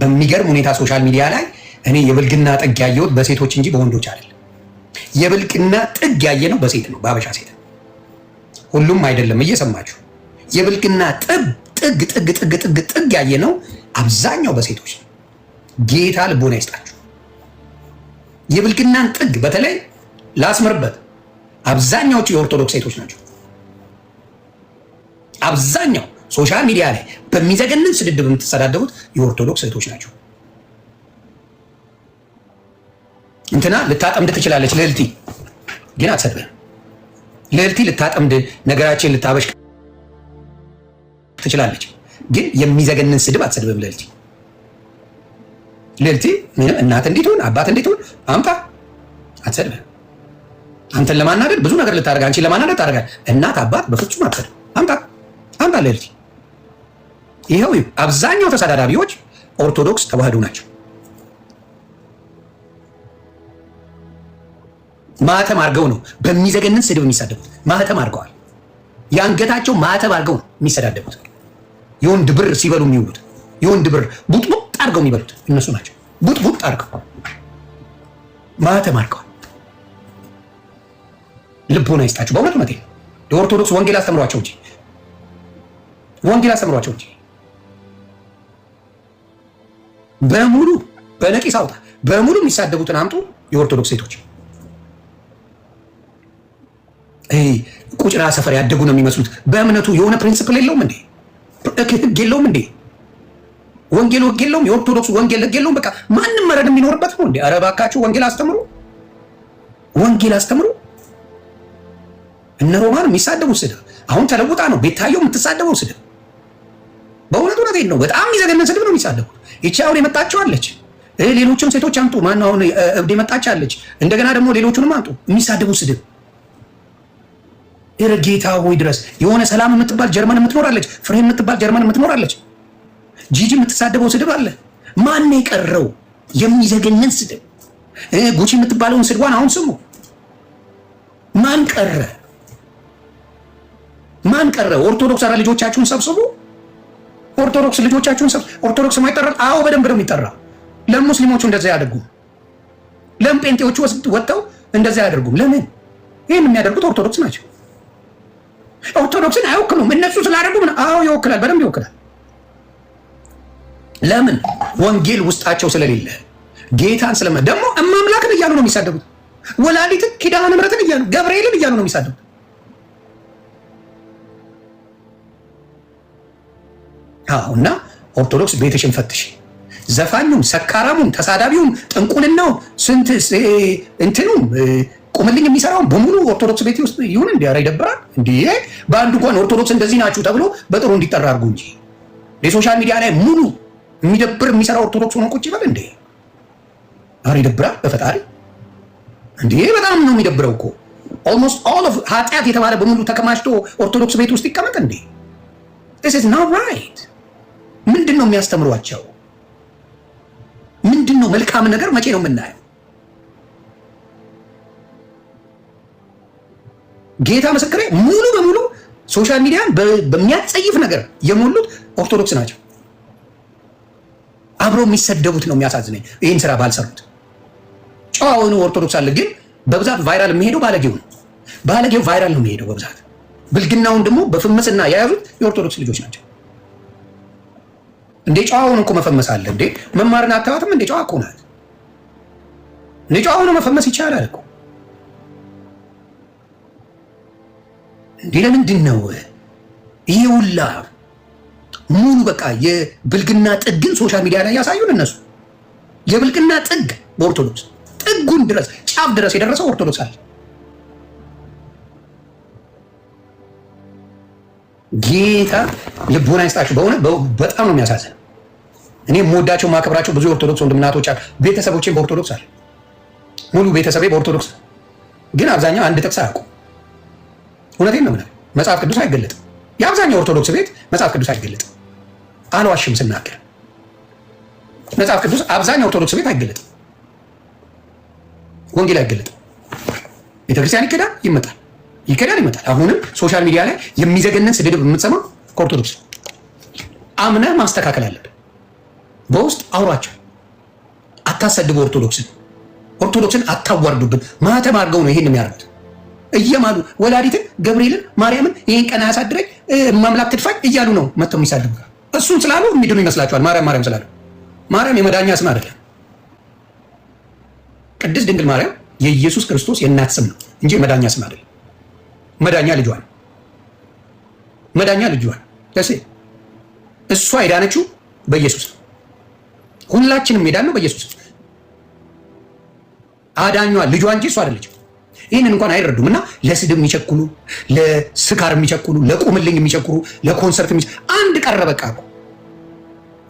በሚገርም ሁኔታ ሶሻል ሚዲያ ላይ እኔ የብልግና ጥግ ያየሁት በሴቶች እንጂ በወንዶች አይደለም። የብልግና ጥግ ያየ ነው በሴት ነው፣ በአበሻ ሴት። ሁሉም አይደለም፣ እየሰማችሁ የብልግና ጥግ ጥግ ጥግ ጥግ ጥግ ጥግ ያየ ነው አብዛኛው በሴቶች ነው። ጌታ ልቦና ይስጣችሁ። የብልግናን ጥግ በተለይ ላስምርበት፣ አብዛኛዎቹ የኦርቶዶክስ ሴቶች ናቸው አብዛኛው ሶሻል ሚዲያ ላይ በሚዘገንን ስድድብ የምትሰዳደቡት የኦርቶዶክስ እህቶች ናቸው። እንትና ልታጠምድ ትችላለች። ልዕልቲ ግን አትሰድብህም። ልዕልቲ ልታጠምድ ነገራችን ልታበሽ ትችላለች፣ ግን የሚዘገንን ስድብ አትሰድብህም። ልዕልቲ ልዕልቲ ምንም እናት እንዴት ሆን አባት እንዴት ሆን አምጣ አትሰድብህም። አንተን ለማናደድ ብዙ ነገር ልታደርግ አንቺን ለማናደድ ታደርጋል። እናት አባት በፍጹም አትሰድብ። አምጣ አምጣ ልዕልቲ ይኸው አብዛኛው ተሳዳዳቢዎች ኦርቶዶክስ ተዋህዶ ናቸው። ማህተም አድርገው ነው በሚዘገንን ስድብ የሚሳደቡት። ማህተም አድርገዋል። የአንገታቸው ማህተም አድርገው ነው የሚሰዳደቡት። የወንድ ብር ሲበሉ የሚውሉት የወንድ ብር ቡጥቡጥ አድርገው የሚበሉት እነሱ ናቸው። ቡጥቡጥ አድርገው ማህተም አድርገዋል። ልቦና ይስጣቸው። በእውነት እውነቴን ነው። የኦርቶዶክስ ወንጌል አስተምሯቸው እንጂ ወንጌል አስተምሯቸው እንጂ በሙሉ በነቂስ አውጣ። በሙሉ የሚሳደቡትን አምጡ። የኦርቶዶክስ ሴቶች ቁጭራ ሰፈር ያደጉ ነው የሚመስሉት። በእምነቱ የሆነ ፕሪንስፕል የለውም እንዴ? ህግ የለውም እንዴ? ወንጌል ህግ የለውም? የኦርቶዶክስ ወንጌል ህግ የለውም? በቃ ማንም መረድ የሚኖርበት ነው እንዴ? ኧረ እባካችሁ ወንጌል አስተምሩ፣ ወንጌል አስተምሩ። እነ ሮማን የሚሳደቡ ስድብ አሁን ተለውጣ ነው ቤታየው የምትሳደበው ስድብ። በእውነት እውነት ነው፣ በጣም የሚዘገነን ስድብ ነው የሚሳደቡት። ይቺ አሁን የመጣችዋለች ሌሎችም ሴቶች አምጡ። ማነው አሁን እብድ የመጣች አለች። እንደገና ደግሞ ሌሎቹንም አምጡ። የሚሳደቡ ስድብ እረ ጌታ ሆይ ድረስ የሆነ ሰላም የምትባል ጀርመን የምትኖራለች፣ ፍሬ የምትባል ጀርመን የምትኖራለች። ጂጂ የምትሳደበው ስድብ አለ። ማን የቀረው የሚዘገንን ስድብ? ጉቺ የምትባለውን ስድቧን አሁን ስሙ። ማን ቀረ? ማን ቀረ? ኦርቶዶክስ አራ ልጆቻችሁን ሰብስቡ። ኦርቶዶክስ ልጆቻችሁን ሰብ ኦርቶዶክስ ማይጠራ አዎ በደንብ ነው የሚጠራ። ለሙስሊሞቹ እንደዛ አያደርጉም። ለምጴንጤዎቹ ወጥተው እንደዛ አያደርጉም። ለምን? ይህን የሚያደርጉት ኦርቶዶክስ ናቸው። ኦርቶዶክስን አይወክሉም። እነሱ ስላደረጉ ምን? አዎ ይወክላል፣ በደንብ ይወክላል። ለምን? ወንጌል ውስጣቸው ስለሌለ ጌታን ስለመ ደግሞ እማምላክን እያሉ ነው የሚሳደቡት። ወላዲትን ኪዳነ ምሕረትን እያሉ ገብርኤልን እያሉ ነው የሚሳደቡት። እና ኦርቶዶክስ ቤተሽን ፈትሽ። ዘፋኙም፣ ሰካራሙም፣ ተሳዳቢውም፣ ጥንቁልናው ስንት እንትኑም ቁምልኝ የሚሰራውን በሙሉ ኦርቶዶክስ ቤት ውስጥ ይሁን እንዲ ያራ ይደብራል። እንዲ በአንድ እንኳን ኦርቶዶክስ እንደዚህ ናችሁ ተብሎ በጥሩ እንዲጠራ አድርጉ እንጂ የሶሻል ሚዲያ ላይ ሙሉ የሚደብር የሚሰራ ኦርቶዶክስ ሆኖ ቁጭ ይበል እንዴ! ኧረ ይደብራል በፈጣሪ እንዲ በጣም ነው የሚደብረው እኮ ኦልሞስት ኦል ኦፍ ኃጢአት የተባለ በሙሉ ተከማችቶ ኦርቶዶክስ ቤት ውስጥ ይቀመጥ እንዴ! ስ ናት ራይት ምንድን ነው የሚያስተምሯቸው? ምንድን ነው መልካም ነገር መቼ ነው የምናየው? ጌታ ምስክሬ ሙሉ በሙሉ ሶሻል ሚዲያን በሚያጸይፍ ነገር የሞሉት ኦርቶዶክስ ናቸው። አብረው የሚሰደቡት ነው የሚያሳዝነኝ። ይህን ስራ ባልሰሩት ጨዋውኑ ኦርቶዶክስ አለ። ግን በብዛት ቫይራል የሚሄደው ባለጌው ነው። ባለጌው ቫይራል ነው የሚሄደው በብዛት ብልግናውን ደግሞ በፍምስና የያዙት የኦርቶዶክስ ልጆች ናቸው። እንዴ ጨዋ ሆኖ እኮ መፈመስ አለ እንዴ መማርን አታዋትም እንዴ ጨዋ እኮ ናት እንዴ ጨዋ መፈመስ ይቻላል እኮ እንዴ ለምንድን ነው ይሄ ሁላ ሙሉ በቃ የብልግና ጥግን ሶሻል ሚዲያ ላይ ያሳዩን እነሱ የብልግና ጥግ በኦርቶዶክስ ጥጉን ድረስ ጫፍ ድረስ የደረሰው ኦርቶዶክስ አለ ጌታ ልቦና ይስጣችሁ። በእውነት በጣም ነው የሚያሳዝን። እኔ የምወዳቸው ማከብራቸው ብዙ የኦርቶዶክስ ወንድምናቶች እናቶች አሉ። ቤተሰቦች በኦርቶዶክስ አለ። ሙሉ ቤተሰቤ በኦርቶዶክስ ግን አብዛኛው አንድ ጥቅስ አያውቁም። እውነቴን ነው ምናምን መጽሐፍ ቅዱስ አይገለጥም። የአብዛኛው ኦርቶዶክስ ቤት መጽሐፍ ቅዱስ አይገለጥም። አልዋሽም ስናገር መጽሐፍ ቅዱስ አብዛኛው ኦርቶዶክስ ቤት አይገለጥም። ወንጌል አይገለጥም። ቤተክርስቲያን ይከዳል ይመጣል፣ ይከዳል ይመጣል። አሁንም ሶሻል ሚዲያ ላይ የሚዘገነን ስድብ የምትሰማው ከኦርቶዶክስ ነው። አምነህ ማስተካከል አለብን። በውስጥ አውሯቸው። አታሰድቡ ኦርቶዶክስን፣ ኦርቶዶክስን አታዋርዱብን። ማተብ አድርገው ነው ይህን የሚያደርጉት። እየማሉ ወላዲትን፣ ገብርኤልን፣ ማርያምን ይህን ቀን አያሳድረኝ ማምላክ ትድፋኝ እያሉ ነው መጥተው የሚሳድቡ። እሱን ስላሉ የሚድኑ ይመስላቸዋል። ማርያም ማርያም ስላሉ ማርያም የመዳኛ ስም አይደለም። ቅድስት ድንግል ማርያም የኢየሱስ ክርስቶስ የእናት ስም ነው እንጂ የመዳኛ ስም አይደለም። መዳኛ ልጇን መዳኛ ልጇን ደሴ እሷ የዳነችው በኢየሱስ ነው። ሁላችንም ሜዳን በኢየሱስ አዳኟ ልጇ እንጂ እሱ አይደለችም። ይህንን እንኳን አይረዱም። እና ለስድብ የሚቸኩሉ ለስካር የሚቸኩሉ ለቁምልኝ የሚቸኩሉ ለኮንሰርት አንድ ቀረ። በቃ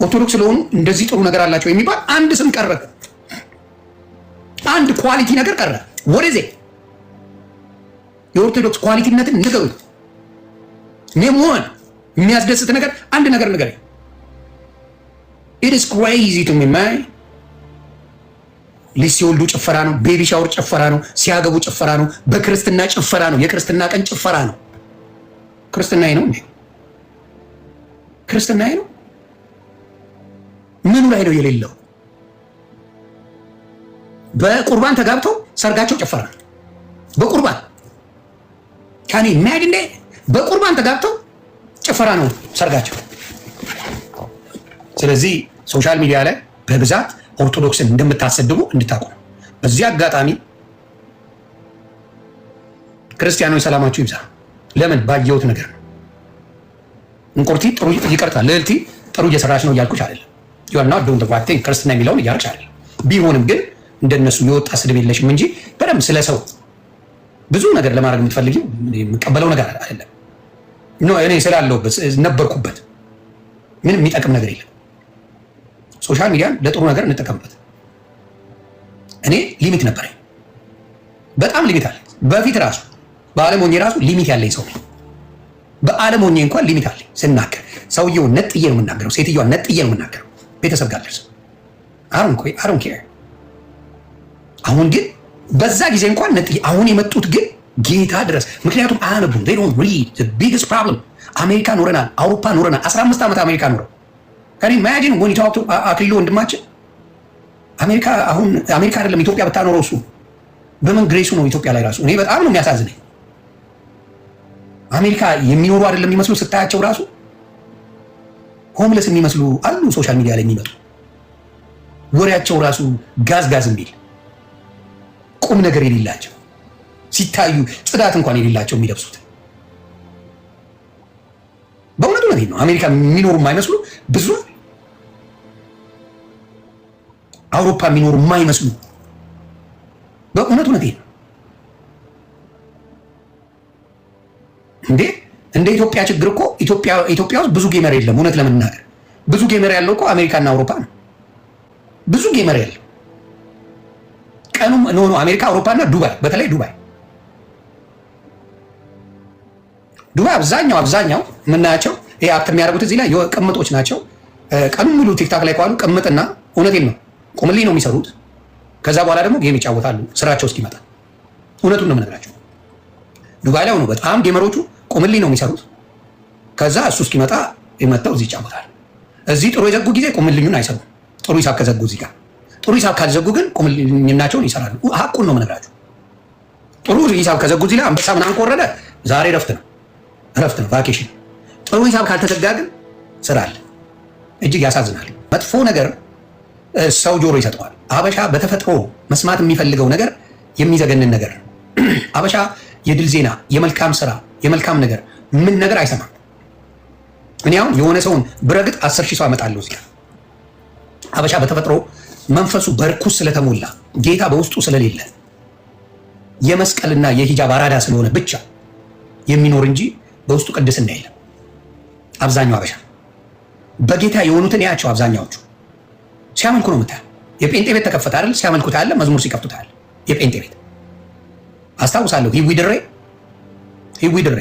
ኦርቶዶክስ ስለሆኑ እንደዚህ ጥሩ ነገር አላቸው የሚባል አንድ ስም ቀረ። አንድ ኳሊቲ ነገር ቀረ። ወደዜ የኦርቶዶክስ ኳሊቲነትን ንገሩ። እኔ መሆን የሚያስደስት ነገር አንድ ነገር ንገረኝ። ኢትስ ክሬዚ ቱ ሚ ማይ ልጅ ሲወልዱ ጭፈራ ነው። ቤቢ ሻወር ጭፈራ ነው። ሲያገቡ ጭፈራ ነው። በክርስትና ጭፈራ ነው። የክርስትና ቀን ጭፈራ ነው። ክርስትናዬ ነው እንዴ? ክርስትናዬ ነው። ምኑ ላይ ነው የሌለው? በቁርባን ተጋብተው ሰርጋቸው ጭፈራ ነው። በቁርባን ካኔ ሚያድ እንዴ? በቁርባን ተጋብተው ጭፈራ ነው ሰርጋቸው። ስለዚህ ሶሻል ሚዲያ ላይ በብዛት ኦርቶዶክስን እንደምታሰድቡ እንድታቁ ነው። በዚህ አጋጣሚ ክርስቲያኖች ሰላማችሁ ይብዛ። ለምን ባየሁት ነገር ነው። እንቁርቲ ጥሩ ይቀርታል። ልዕልቲ ጥሩ እየሰራች ነው እያልኩች አይደለም። ዮና ዶንት ጓቴ ክርስትና የሚለውን እያርች አይደለም። ቢሆንም ግን እንደነሱ የወጣ ስድብ የለሽም እንጂ በደምብ ስለ ሰው ብዙ ነገር ለማድረግ የምትፈልጊው የምቀበለው ነገር አይደለም። እኔ ስላለሁበት ነበርኩበት ምንም የሚጠቅም ነገር የለም። ሶሻል ሚዲያን ለጥሩ ነገር እንጠቀምበት። እኔ ሊሚት ነበረኝ፣ በጣም ሊሚት አለ። በፊት ራሱ በአለም ሆኜ ራሱ ሊሚት ያለኝ ሰው በአለም ሆኜ እንኳን ሊሚት አለ ስናገር፣ ሰውየው ነጥዬ ነው የምናገረው፣ ሴትዮዋ ነጥዬ ነው የምናገረው። ቤተሰብ ጋር አሁን ኮይ አሁን ኬር። አሁን ግን በዛ ጊዜ እንኳን ነጥዬ፣ አሁን የመጡት ግን ጌታ ድረስ ምክንያቱም አያነቡም። ቢግስት ፕሮብለም አሜሪካ ኖረናል፣ አውሮፓ ኖረናል፣ 15 ዓመት አሜሪካ ኖረው ከኔ ማያጅን ወን ይታውቱ አክሊሉ ወንድማችን አሜሪካ አሁን አሜሪካ አይደለም ኢትዮጵያ ብታኖረው እሱ በምን ግሬሱ ነው ኢትዮጵያ ላይ ራሱ እኔ በጣም ነው የሚያሳዝነኝ። አሜሪካ የሚኖሩ አይደለም የሚመስሉ ስታያቸው ራሱ ሆምለስ የሚመስሉ አሉ። ሶሻል ሚዲያ ላይ የሚመጡ ወሬያቸው ራሱ ጋዝ ጋዝ የሚል ቁም ነገር የሌላቸው ሲታዩ ጽዳት እንኳን የሌላቸው የሚለብሱት በእውነቱ ነው። አሜሪካ የሚኖሩ የማይመስሉ ብዙ አውሮፓ የሚኖሩ የማይመስሉ በእውነት እውነት እውነቴን እንዴ እንደ ኢትዮጵያ ችግር እኮ ኢትዮጵያ ውስጥ ብዙ ጌመር የለም። እውነት ለመናገር ብዙ ጌመር ያለው እኮ አሜሪካና አውሮፓ ነው። ብዙ ጌመር ያለው ቀኑም ኖ አሜሪካ፣ አውሮፓና ዱባይ፣ በተለይ ዱባይ ዱባይ አብዛኛው አብዛኛው የምናያቸው ይሄ አክት የሚያደርጉት እዚህ ላይ ቅምጦች ናቸው። ቀኑን ሙሉ ቲክታክ ላይ ከዋሉ ቅምጥና እውነቴን ነው ቁምልኝ ነው የሚሰሩት። ከዛ በኋላ ደግሞ ጌም ይጫወታሉ ስራቸው እስኪመጣ። እውነቱን ነው የምነግራቸው። ዱባይ ላይ ሆኖ በጣም ጌመሮቹ ቁምልኝ ነው የሚሰሩት። ከዛ እሱ እስኪመጣ የመጣው እዚህ ይጫወታል። እዚህ ጥሩ የዘጉ ጊዜ ቁምልኙን አይሰሩም። ጥሩ ሂሳብ ከዘጉ እዚህ ጋር ጥሩ ሂሳብ ካልዘጉ ግን ቁምልኝናቸውን ይሰራሉ። ሀቁን ነው የምነግራቸው። ጥሩ ሂሳብ ከዘጉ እዚህ ላይ አንበሳ ምናምን ከወረደ ዛሬ እረፍት ነው፣ እረፍት ነው፣ ቫኬሽን። ጥሩ ሂሳብ ካልተዘጋ ግን ስራ አለ። እጅግ ያሳዝናል። መጥፎ ነገር ሰው ጆሮ ይሰጠዋል። አበሻ በተፈጥሮ መስማት የሚፈልገው ነገር የሚዘገንን ነገር ነው። አበሻ የድል ዜና፣ የመልካም ስራ፣ የመልካም ነገር ምን ነገር አይሰማም። እኔ አሁን የሆነ ሰውን ብረግጥ አስር ሺህ ሰው አመጣለሁ እዚህ አበሻ በተፈጥሮ መንፈሱ በርኩስ ስለተሞላ ጌታ በውስጡ ስለሌለ የመስቀልና የሂጃብ አራዳ ስለሆነ ብቻ የሚኖር እንጂ በውስጡ ቅድስና የለም። አብዛኛው አበሻ በጌታ የሆኑትን ያቸው አብዛኛዎቹ ሲያመልኩ ነው የምታየው። የጴንጤ ቤት ተከፈተ አይደል? ሲያመልኩ ታያለህ። መዝሙር ሲከፍቱ ታያለህ። የጴንጤ ቤት አስታውሳለሁ። ሂዊ ድሬ ሂዊ ድሬ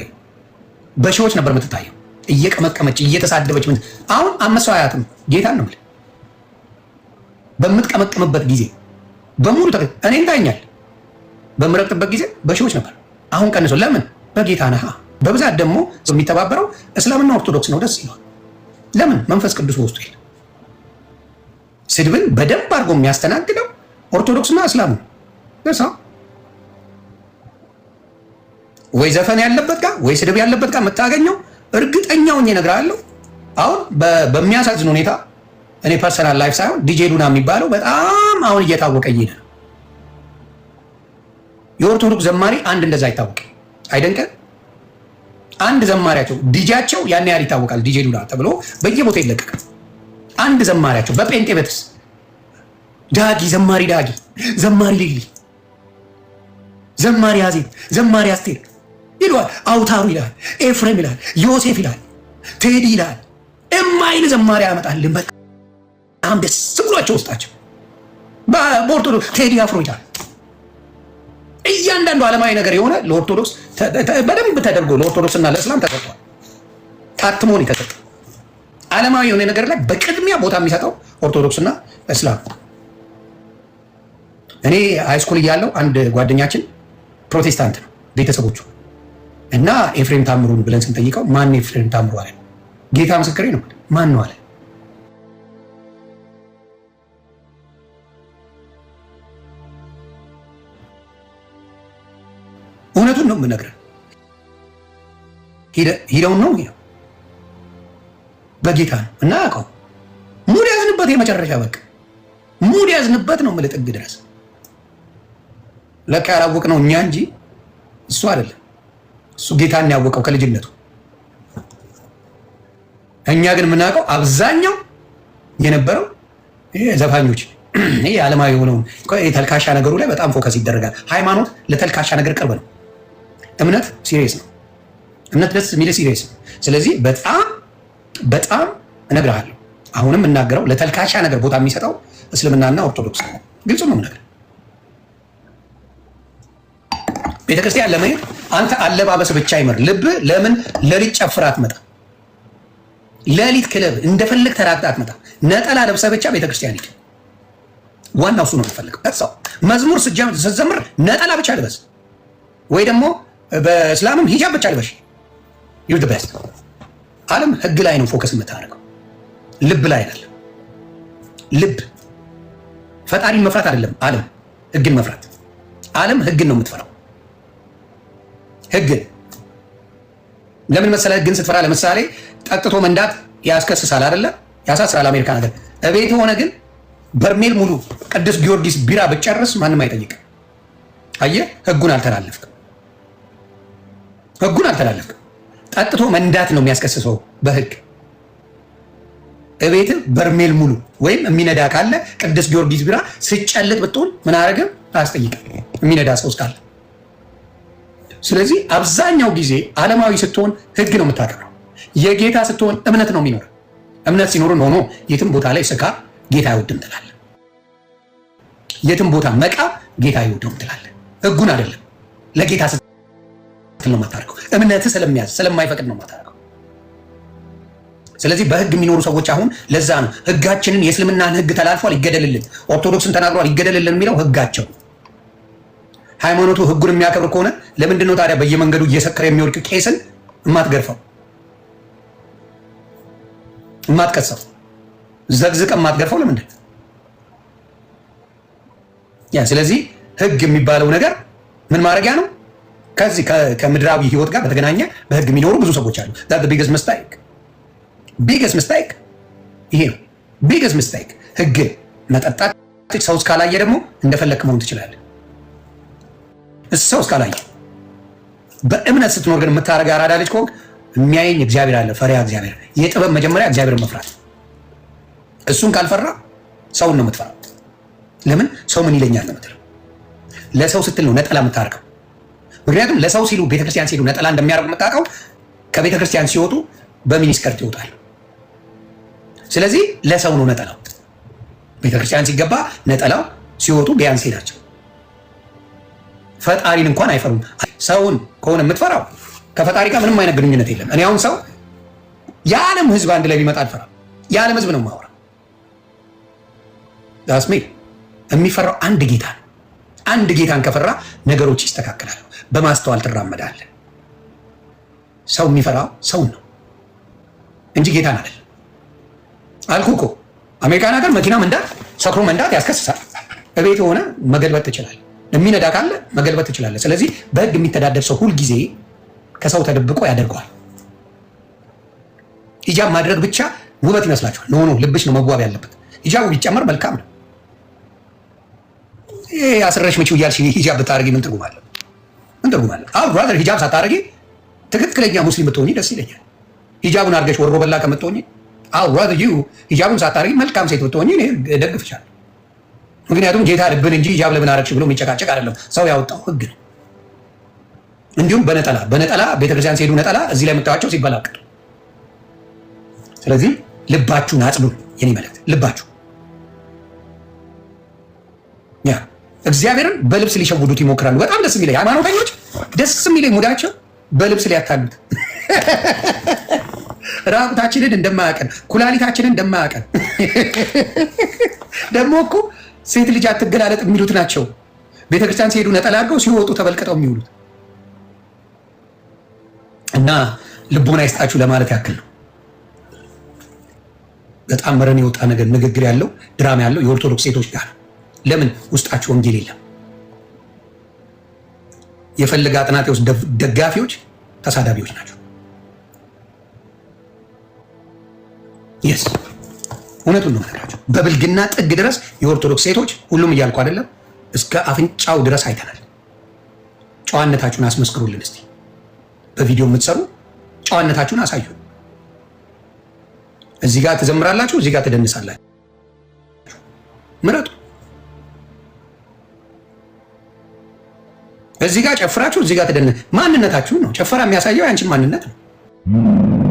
በሺዎች ነበር የምትታየው፣ እየቀመቀመች እየተሳደበች። ምን አሁን አመሰው አያትም ጌታን ነው የምልህ። በምትቀመቀምበት ጊዜ በሙሉ እኔን ታኛል። በምረቅጥበት ጊዜ በሺዎች ነበር። አሁን ቀንሶ ለምን? በጌታ ነህ። በብዛት ደግሞ የሚተባበረው እስላምና ኦርቶዶክስ ነው። ደስ ይለዋል። ለምን? መንፈስ ቅዱስ በውስጡ የለም። ስድብን በደንብ አድርጎ የሚያስተናግደው ኦርቶዶክስና እስላም ነው። ወይ ዘፈን ያለበት ጋር ወይ ስድብ ያለበት ጋር የምታገኘው እርግጠኛውን እነግርሃለሁ። አሁን በሚያሳዝን ሁኔታ እኔ ፐርሰናል ላይፍ ሳይሆን ዲጄ ዱና የሚባለው በጣም አሁን እየታወቀ ይሄድ ነው። የኦርቶዶክስ ዘማሪ አንድ እንደዛ ይታወቅ አይደንቀን አንድ ዘማሪያቸው ዲጃቸው ያን ያህል ይታወቃል። ዲጄ ዱና ተብሎ በየቦታ ይለቀቃል። አንድ ዘማሪያቸው በጴንጤ ዳጊ ዘማሪ ዳጊ ዘማሪ ሊሊ ዘማሪ አዜብ ዘማሪ አስቴር ይለዋል። አውታሩ ይላል። ኤፍሬም ይላል። ዮሴፍ ይላል። ቴዲ ይላል። የማይል ዘማሪ ያመጣልን። በጣም ደስ ብሏቸው ውስጣቸው በኦርቶዶክስ ቴዲ አፍሮ ይላል። እያንዳንዱ ዓለማዊ ነገር የሆነ ለኦርቶዶክስ በደንብ ተደርጎ ለኦርቶዶክስና ለእስላም ተሰጥቷል። ታትሞን የተሰጠው። ዓለማዊ የሆነ ነገር ላይ በቅድሚያ ቦታ የሚሰጠው ኦርቶዶክስና እስላም። እኔ ሃይስኩል እያለው አንድ ጓደኛችን ፕሮቴስታንት ነው ቤተሰቦቹ እና ኤፍሬም ታምሩን ብለን ስንጠይቀው ማን ኤፍሬም ታምሩ አለ። ጌታ ምስክሬ ነው። ማን ነው አለ። እውነቱን ነው የምነግርህ። ሂደውን ነው በጌታ ነው እና አውቀው ሙድ ያዝንበት የመጨረሻ በቃ ሙድ ያዝንበት ነው የምልህ ጥግ ድረስ ለካ ያላወቅ ነው እኛ እንጂ እሱ አይደለም። እሱ ጌታን ያወቀው ከልጅነቱ። እኛ ግን የምናውቀው አብዛኛው የነበረው ዘፋኞች ይህ አለማዊ የሆነውን የተልካሻ ነገሩ ላይ በጣም ፎከስ ይደረጋል። ሃይማኖት ለተልካሻ ነገር ቅርብ ነው። እምነት ሲሪየስ ነው። እምነት ደስ የሚል ሲሪየስ ነው። ስለዚህ በጣም በጣም እነግርሃለሁ፣ አሁንም እናገረው ለተልካሻ ነገር ቦታ የሚሰጠው እስልምናና ኦርቶዶክስ ነው። ግልጽ ነው ነገር ቤተክርስቲያን ለመሄድ አንተ አለባበስ ብቻ ይምር ልብ ለምን ለሊት ጨፍራ አትመጣ? ለሊት ክለብ እንደፈለግ ተራግጣ አትመጣ። ነጠላ ለብሰ ብቻ ቤተክርስቲያን ሂድ። ዋና እሱ ነው የምፈልግ። ሰው መዝሙር ስትዘምር ነጠላ ብቻ ልበስ፣ ወይ ደግሞ በእስላምም ሂጃብ ብቻ ልበሽ። ዩ ቤስት ዓለም ህግ ላይ ነው ፎከስ የምታደርገው፣ ልብ ላይ አይደለም። ልብ ፈጣሪን መፍራት አይደለም፣ ዓለም ህግን መፍራት። ዓለም ህግን ነው የምትፈራው። ህግን ለምን መሰለ? ህግን ስትፈራ ለምሳሌ ጠጥቶ መንዳት ያስከስሳል አይደለ? ያሳስራል አሜሪካ ነገር። እቤት የሆነ ግን በርሜል ሙሉ ቅዱስ ጊዮርጊስ ቢራ ብጨርስ ማንም አይጠይቅም። አየህ፣ ህጉን አልተላለፍክም። ህጉን አልተላለፍክም። ጠጥቶ መንዳት ነው የሚያስከስሰው በህግ። እቤት በርሜል ሙሉ ወይም የሚነዳ ካለ ቅዱስ ጊዮርጊስ ቢራ ስጨልጥ ብትሆን ምን አረገ አያስጠይቅም፣ የሚነዳ ሰው እስካለ። ስለዚህ አብዛኛው ጊዜ ዓለማዊ ስትሆን ህግ ነው የምታከብረው። የጌታ ስትሆን እምነት ነው የሚኖር። እምነት ሲኖር ሆኖ የትም ቦታ ላይ ስካ ጌታ አይወድም ትላለ የትም ቦታ መቃ ጌታ አይወድም ትላለ ህጉን አይደለም ለጌታ ስትል ነው የማታደርገው። እምነትህ ስለሚያዝ ስለማይፈቅድ ነው የማታደርገው። ስለዚህ በህግ የሚኖሩ ሰዎች አሁን ለዛ ነው ህጋችንን የእስልምናን ህግ ተላልፏል ይገደልልን፣ ኦርቶዶክስን ተናግሯል ይገደልልን የሚለው ህጋቸው። ሃይማኖቱ ህጉን የሚያከብር ከሆነ ለምንድን ነው ታዲያ በየመንገዱ እየሰከረ የሚወድቅ ቄስን እማትገርፈው እማትቀሰፍ ዘግዝቀ እማትገርፈው ለምንድን ያ ስለዚህ ህግ የሚባለው ነገር ምን ማድረጊያ ነው? ከዚህ ከምድራዊ ህይወት ጋር በተገናኘ በህግ የሚኖሩ ብዙ ሰዎች አሉ። ቢገስ ምስታይክ ቢገስ ምስታይክ ይሄ ነው። ቢገስ ምስታይክ ህግን መጠጣት። ሰው እስካላየ ደግሞ እንደፈለክ መሆን ትችላለህ። ሰው እስካላየ በእምነት ስትኖር ግን የምታደርገው አራዳ ልጅ ከሆንክ የሚያየኝ እግዚአብሔር አለ። ፈሪያ እግዚአብሔር የጥበብ መጀመሪያ እግዚአብሔር መፍራት። እሱን ካልፈራ ሰውን ነው የምትፈራ። ለምን ሰው ምን ይለኛል ለምትል ለሰው ስትል ነው ነጠላ የምታደርገው ምክንያቱም ለሰው ሲሉ ቤተክርስቲያን ሲሉ ነጠላ እንደሚያደርጉ የምታውቀው ከቤተክርስቲያን ሲወጡ በሚኒስከርት ይወጣል። ስለዚህ ለሰው ነው ነጠላው። ቤተክርስቲያን ሲገባ ነጠላው፣ ሲወጡ ቢያንስ ናቸው። ፈጣሪን እንኳን አይፈሩም። ሰውን ከሆነ የምትፈራው ከፈጣሪ ጋር ምንም አይነት ግንኙነት የለም። እኔ አሁን ሰው የዓለም ህዝብ አንድ ላይ ቢመጣ አልፈራም። የዓለም ህዝብ ነው ማወራ ዳስሜ የሚፈራው አንድ ጌታ ነው። አንድ ጌታን ከፈራ ነገሮች ይስተካከላል። በማስተዋል ትራመዳለ። ሰው የሚፈራው ሰውን ነው እንጂ ጌታን አይደል። አልኩ እኮ አሜሪካን ሀገር መኪና መንዳት፣ ሰክሮ መንዳት ያስከስሳል። እቤት የሆነ መገልበጥ ትችላል። የሚነዳ ካለ መገልበጥ ትችላለ። ስለዚህ በህግ የሚተዳደር ሰው ሁልጊዜ ከሰው ተደብቆ ያደርገዋል። ሂጃብ ማድረግ ብቻ ውበት ይመስላችኋል? ኖ ልብሽ ነው መዋብ ያለበት። ሂጃቡ ቢጨመር መልካም ነው። ይሄ አስረሽ መቼው እያልሽ ሂጃብ ብታደርግ ምን ትርጉም አለው? ምን ትርጉም አለ? አሁን ብራዘር ሂጃብ ሳታረጊ ትክክለኛ ሙስሊም ብትሆኚ ደስ ይለኛል። ሂጃቡን አድርገሽ ወሮ በላ ከምትሆኚ አው ራዘር ዩ ሂጃቡን ሳታረጊ መልካም ሴት ብትሆኚ እኔ ደግፍሻለሁ። ምክንያቱም ጌታ ልብን እንጂ ሂጃብ ለምን አረግሽ ብሎ የሚጨቃጨቅ አይደለም፣ ሰው ያወጣው ህግ ነው። እንዲሁም በነጠላ በነጠላ ቤተክርስቲያን ሲሄዱ ነጠላ እዚህ ላይ የምታዋቸው ሲበላቀሉ። ስለዚህ ልባችሁን አጽዱ። የኔ መልእክት ልባችሁ ያ እግዚአብሔርን በልብስ ሊሸውዱት ይሞክራሉ። በጣም ደስ የሚለኝ ሃይማኖተኞች፣ ደስ የሚለኝ ሙዳቸው በልብስ ሊያታሉት ራቁታችንን እንደማያቀን ኩላሊታችንን እንደማያቀን ደግሞ እኮ ሴት ልጅ አትገላለጥ የሚሉት ናቸው። ቤተክርስቲያን ሲሄዱ ነጠላ አድርገው ሲወጡ ተበልቅጠው የሚውሉት እና ልቦና ይስጣችሁ ለማለት ያክል ነው። በጣም መረን የወጣ ነገር ንግግር ያለው ድራማ ያለው የኦርቶዶክስ ሴቶች ጋር ለምን ውስጣችሁ ወንጌል የለም። የፈለገ አጥናቴዎስ ደጋፊዎች ተሳዳቢዎች ናቸው። የስ እውነቱን ነው የምነግራቸው። በብልግና ጥግ ድረስ የኦርቶዶክስ ሴቶች ሁሉም እያልኩ አይደለም፣ እስከ አፍንጫው ድረስ አይተናል። ጨዋነታችሁን አስመስክሩልን እስቲ። በቪዲዮ የምትሰሩ ጨዋነታችሁን አሳዩ። እዚህ ጋር ትዘምራላችሁ፣ እዚህ ጋር ትደንሳላችሁ። ምረጡ። እዚህ ጋር ጨፍራችሁ እዚህ ጋር ትደነ ማንነታችሁ ነው። ጨፈራ የሚያሳየው ያንችን ማንነት ነው።